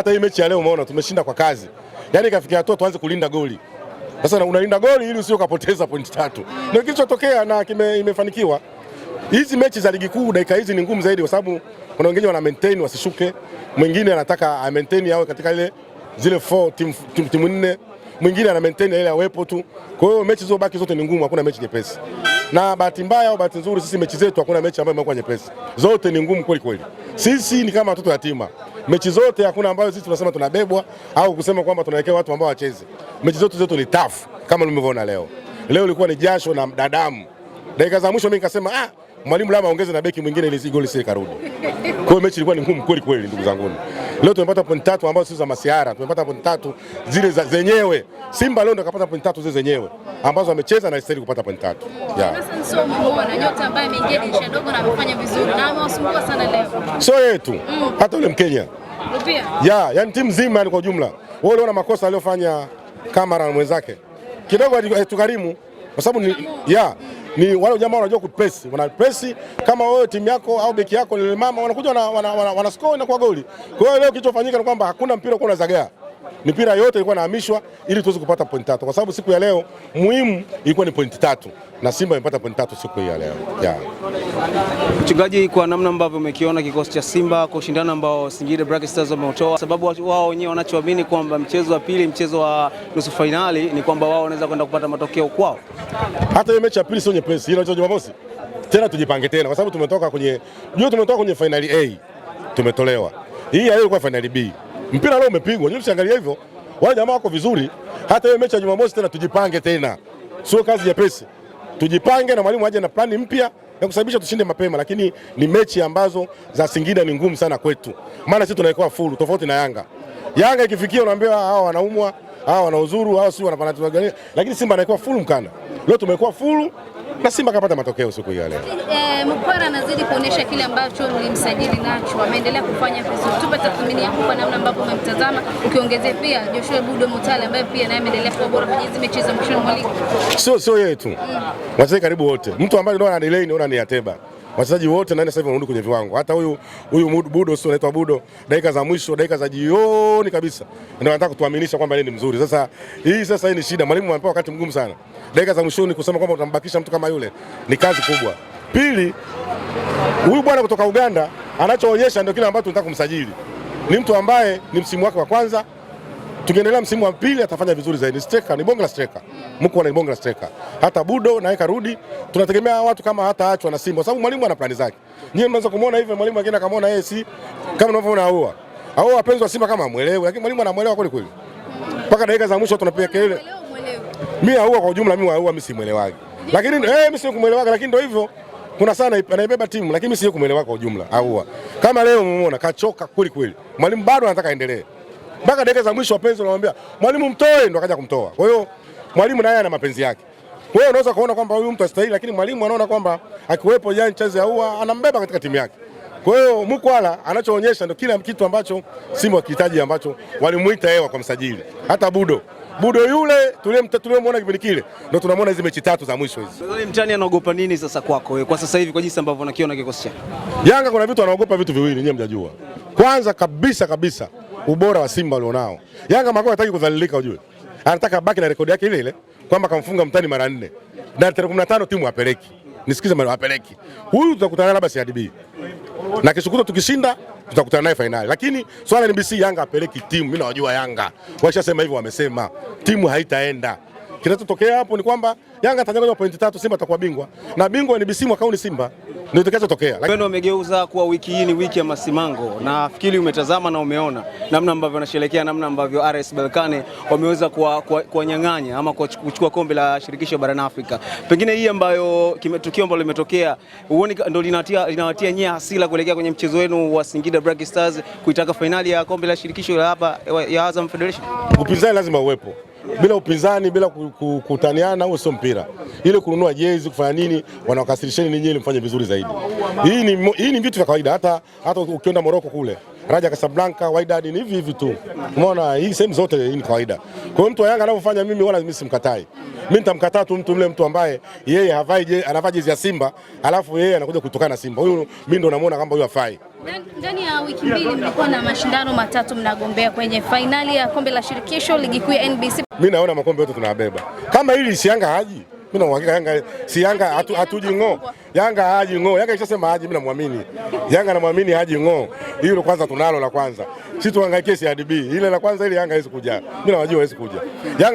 Hata hii mechi ya leo umeona tumeshinda kwa kazi, yaani ikafikia hatua tuanze kulinda goli. Sasa unalinda goli ili usio kapoteza pointi tatu, ndio kilichotokea na kime, imefanikiwa. Hizi mechi za ligi kuu dakika hizi ni ngumu zaidi, kwa sababu kuna wengine wana maintain wasishuke, mwingine anataka a maintain awe katika ile zile 4 team, team, team nne, mwingine ana maintain ile awepo tu. Kwa hiyo mechi zote baki zote ni ngumu, hakuna mechi nyepesi na bahati mbaya au bahati nzuri, sisi mechi zetu hakuna mechi ambayo imekuwa nyepesi, zote ni ngumu kweli kweli. Sisi ni kama watoto yatima mechi zote, hakuna ambayo sisi tunasema tunabebwa au kusema kwamba tunawekewa watu ambao wacheze. Mechi zote zetu ni tafu kama mlivyoona leo. Leo ilikuwa ni jasho na dadamu. Dakika za mwisho mimi nikasema ah mwalimu Lama aongeze na beki mwingine ili goli sije karudi. Kwa hiyo mechi ilikuwa ni ngumu kweli kweli, ndugu zangu. Leo tumepata point tatu ambazo sio za masiara, tumepata point tatu zile za zenyewe. Simba leo ndo kapata point tatu zile zenyewe ambazo amecheza na istahili kupata pointi tatu. Yeah. Sio yetu mm. Hata yule Mkenya yeah, yani timu nzima kwa ujumla. Wewe unaona makosa aliyofanya Kamara na mwenzake kidogo eh, tukarimu kwa sababu ni yeah. Mm ni wale jamaa wanajua kupresi, wanapresi kama wewe timu yako au beki yako mama, wanakuja wana, wana, wana, wana score na kwa goli. Kwa hiyo leo kilichofanyika ni kwamba hakuna mpira uko unazagaa mipira yote ilikuwa inahamishwa ili tuweze kupata point tatu, kwa sababu siku ya leo muhimu ilikuwa ni point tatu na Simba imepata point tatu siku hii ya leo yeah. Mchungaji, kwa namna ambavyo umekiona kikosi cha Simba kwa ushindano ambao Singida Black Stars wameutoa, sababu wao wenyewe wanachoamini kwamba mchezo wa pili, mchezo wa nusu fainali ni kwamba wao wanaweza kwenda kupata matokeo kwao. Hata hiyo mechi ya pili sio nyepesi, ile ya Jumamosi tena tujipange tena, kwa sababu tumetoka kwenye jua, tumetoka kwenye finali A tumetolewa, hii ya leo ilikuwa finali B mpira leo umepigwa. nyinyi msiangalia hivyo, wale jamaa wako vizuri. Hata hiyo mechi ya Jumamosi tena tujipange tena, sio kazi ya nyepesi. Tujipange na mwalimu aje na plani mpya ya kusababisha tushinde mapema, lakini ni mechi ambazo za Singida ni ngumu sana kwetu, maana sisi tunaikuwa fulu tofauti na Yanga. Yanga ikifikia unaambiwa hawa wanaumwa, hawa wana hawa si wanapana, lakini Simba anaikuwa fulu mkana. Leo tumekuwa fulu na Simba kapata matokeo siku hiyo leo. Eh, Mkwara anazidi kuonyesha kile ambacho mlimsajili nacho, ameendelea kufanya vizuri. Tupe tathmini yako kwa namna ambavyo umemtazama, ukiongezea pia Joshua Budo Mutale ambaye pia naye ameendelea kuwa bora kwenye hizi mechi za mwisho wa ligi. Sio sio yeye tu, mm. karibu wote, mtu ambaye anaendelea ni Ateba wachezaji wote naenda sasa hivi wanarudi kwenye viwango. Hata huyu huyu Budo sio anaitwa Budo, dakika za mwisho, dakika za jioni kabisa ndio anataka kutuaminisha kwamba yeye ni mzuri. Sasa hii sasa hii ni shida, mwalimu amepewa wakati mgumu sana, dakika za mwishoni kusema kwamba utambakisha mtu kama yule ni kazi kubwa. Pili, huyu bwana kutoka Uganda anachoonyesha ndio kile ambacho tunataka kumsajili. Ni mtu ambaye ni msimu wake wa kwanza tukiendelea msimu wa pili atafanya vizuri zaidi. Striker ni bonge la striker, mko na bonge la striker, hata budo na Eka rudi, tunategemea watu kama hata achwa na Simba, sababu mwalimu ana plani zake. Nyinyi mnaweza kumuona hivi mwalimu akienda kamaona yeye si kama unavyoona aua au wapenzi wa Simba kama amuelewe, lakini mwalimu anamuelewa kweli kweli, mpaka dakika za mwisho tunapiga kelele. Mimi aua kwa ujumla, mimi aua mimi simuelewagi, lakini eh, mimi sikumwelewaga, lakini ndio hivyo kuna sana anaibeba timu, lakini mimi siyo kumuelewa kwa ujumla. Aua kama leo umeona kachoka kweli kweli, mwalimu bado anataka aendelee mpaka dakika za mwisho wapenzi wanamwambia mwalimu mtoe, ndo akaja kumtoa. Kwa hiyo mwalimu naye ana mapenzi yake. Kwa hiyo unaweza kuona kwamba huyu mtu astahili, lakini mwalimu anaona kwamba akiwepo Jean Charles Ahoua anambeba katika timu yake. Kwa hiyo Mukwala anachoonyesha ndio kila kitu ambacho Simba wakihitaji ambacho walimuita yeye kwa msajili. Hata Budo Budo yule tuliyemwona kipindi kile ndio tunamwona hizi mechi tatu za mwisho hizi. Mtani anaogopa nini sasa kwako wewe kwa sasa hivi kwa jinsi ambavyo unakiona kikosi chake? Yanga kuna vitu anaogopa vitu viwili, nyewe mjajua. Kwanza kabisa kabisa ubora wa Simba walionao. Yanga Makao hataki kudhalilika, ujue anataka abaki na rekodi yake ile ile kwamba kamfunga mtani mara nne na tarehe 15 timu apeleki nisikize maneno apeleki huyu, tutakutana labda CRDB na kishukuru tukishinda tutakutana naye finali. Lakini swala ni BC Yanga apeleki timu. Mimi nawajua Yanga, washasema hivyo, wamesema timu haitaenda. Kinachotokea hapo ni kwamba Yanga atanyang'anywa pointi tatu, Simba atakuwa bingwa na bingwa NBC mwaka huu ni Simba ndio itakachotokea. Wenu wamegeuza kuwa wiki hii ni wiki ya masimango, na fikiri umetazama na umeona namna ambavyo wanasherehekea, namna ambavyo RS Berkane wameweza kuwanyang'anya kwa, ama kuchukua kombe la shirikisho barani Afrika. Pengine hii ambayo tukio ambalo limetokea uone ndio linawatia linawatia nyie hasira kuelekea kwenye mchezo wenu wa Singida Black Stars kuitaka fainali ya kombe la shirikisho la hapa ya Azam Federation? Upinzani lazima uwepo bila upinzani, bila kukutaniana, huo sio mpira. Ile kununua jezi kufanya nini, wanawakasirisheni ninyi ili mfanye vizuri zaidi. Hii ni, hii ni vitu vya kawaida hata, hata ukienda Moroko kule Raja Casablanca, Wydad ni hivi hivi tu. Umeona hii sehemu zote hii ni kawaida. Kwa hiyo mtu wa Yanga anavyofanya mimi wala mimi simkatai. Mimi nitamkataa tu mtu mle mtu ambaye yeye havai anavaa jezi ya Simba, alafu yeye anakuja kutokana na Simba. Huyu mimi ndo namuona kama huyu hafai. Ndani ya wiki mbili mlikuwa na mashindano matatu mnagombea kwenye fainali ya kombe la shirikisho ligi kuu ya NBC. Mimi naona makombe yote tunayabeba. Kama hili si Yanga haji mimi na uhakika Yanga si Yanga hatu, hatuji ng'oo. Yanga haji ng'oo. Yanga ishasema haji, mimi namwamini. Yanga namwamini haji ng'oo. Hilo kwanza tunalo la kwanza. Sisi tuhangaikie CRDB. Ile la kwanza ile Yanga haiwezi kuja. Mimi nawajua haiwezi kuja. Yanga